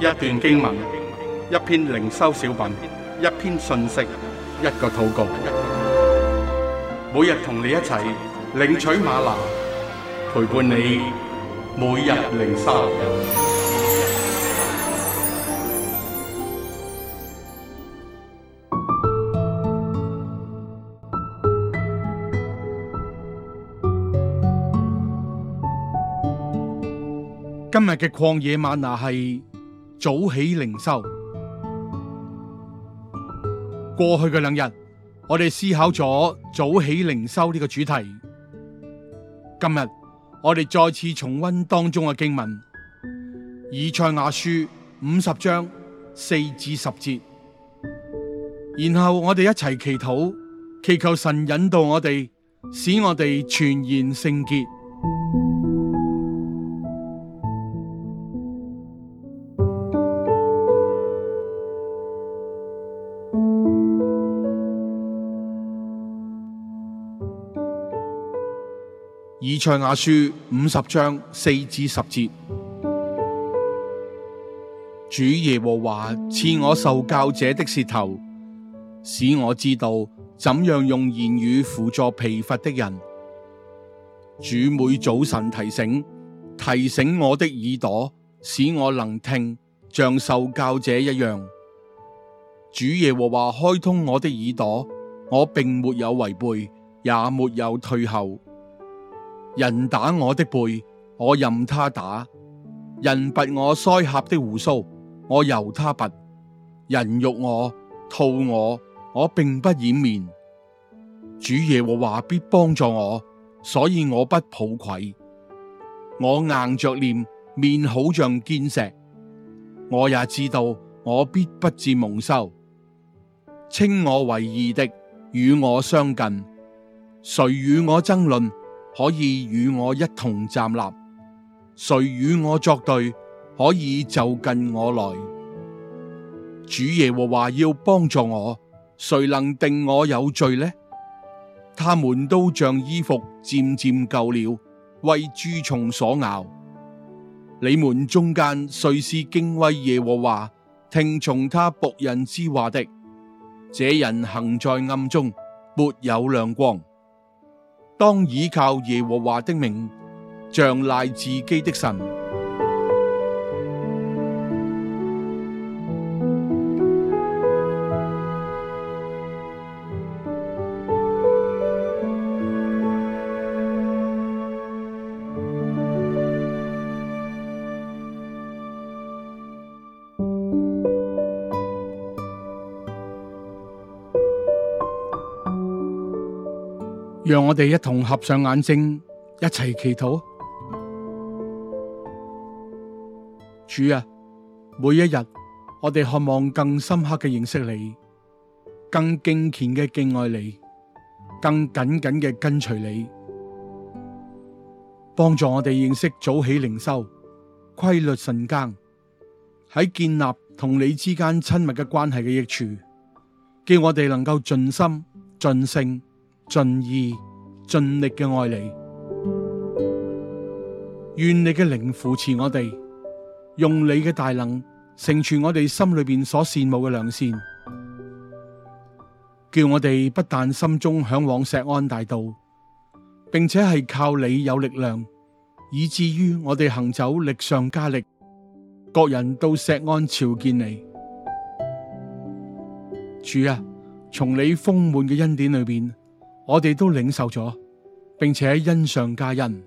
一段經文，一篇靈修小品，一篇信息，一個禱告。每日同你一齊領取嗎哪，陪伴你每日靈修。今日嘅曠野嗎哪係。早起靈修，過去嘅兩日，我哋思考咗早起靈修呢個主題。今日我哋再次重溫當中嘅經文，以賽亞書五十章四至十節，然後我哋一齊祈禱，祈求神引導我哋，使我哋全然聖潔。以賽亞書五十章四至十節：主耶和華賜我受教者的舌頭，使我知道怎樣用言語輔助疲乏的人。主每早晨提醒提醒我的耳朵，使我能聽，像受教者一樣。主耶和華開通我的耳朵，我並沒有違背，也沒有退後。人打我的背，我任他打；人拔我腮頰的鬍鬚，我由他拔。人辱我、吐我，我並不掩面。主耶和華必幫助我，所以我不抱愧。我硬着臉，面好像堅石。我也知道我必不至蒙羞。稱我為義的與我相近，誰與我爭論？可以與我一同站立，誰與我作對，可以就近我來。主耶和華要幫助我，誰能定我有罪呢？他們都像衣服漸漸舊了，為蛀蟲所咬。你們中間誰是敬畏耶和華、聽從他僕人之話的？這人行在暗中，沒有亮光。當倚靠耶和華的名，仗賴自己的神。讓我哋一同合上眼睛，一齊祈禱。主啊，每一日我哋渴望更深刻嘅認識你，更敬虔嘅敬愛你，更緊緊嘅跟隨你，幫助我哋認識早起靈修、規律晨更，喺建立同你之間親密嘅關係嘅益處，叫我哋能夠盡心盡性。盡意盡力嘅愛你，願你嘅靈扶持我哋，用你嘅大能成全我哋心裏邊所羨慕嘅良善。叫我哋不但心中嚮往石安大道，並且係靠你有力量，以至於我哋行走力上加力，各人到石安朝見你。主啊，從你豐滿嘅恩典裏邊，我哋都領受咗，並且恩上加恩。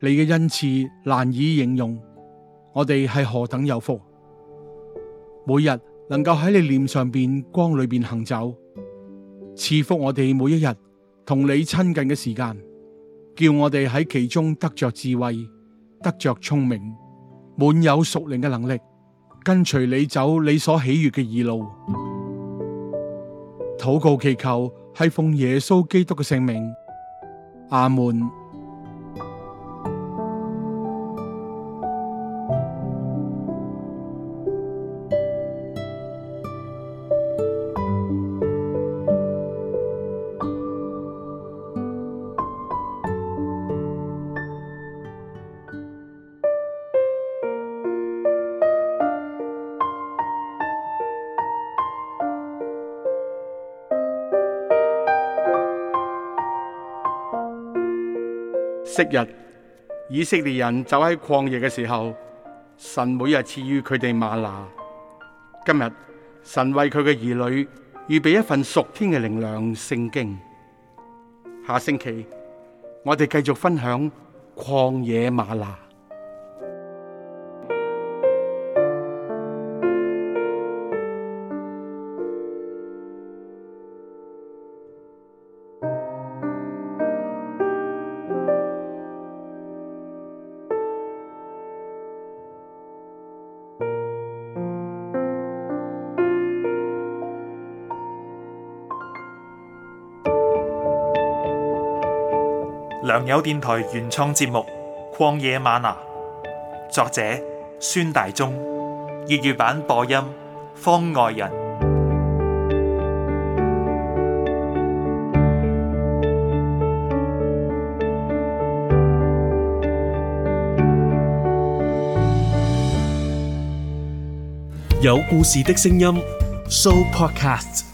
你嘅恩賜難以形容，我哋係何等有福！每日能夠喺你臉上邊光裏邊行走，賜福我哋每一日同你親近嘅時間，叫我哋喺其中得着智慧，得着聰明，滿有熟練嘅能力，跟隨你走你所喜悅嘅義路。禱告祈求。係奉耶穌基督嘅聖名，阿門。昔日以色列人走喺曠野嘅時候，神每日賜予佢哋嗎哪。今日神為佢嘅兒女預備一份屬天嘅靈糧聖經。下星期我哋繼續分享曠野嗎哪。良友電台原創節目《曠野嗎哪》，作者孫大中，粵語版播音方外人。有故事的聲音，So Podcasts。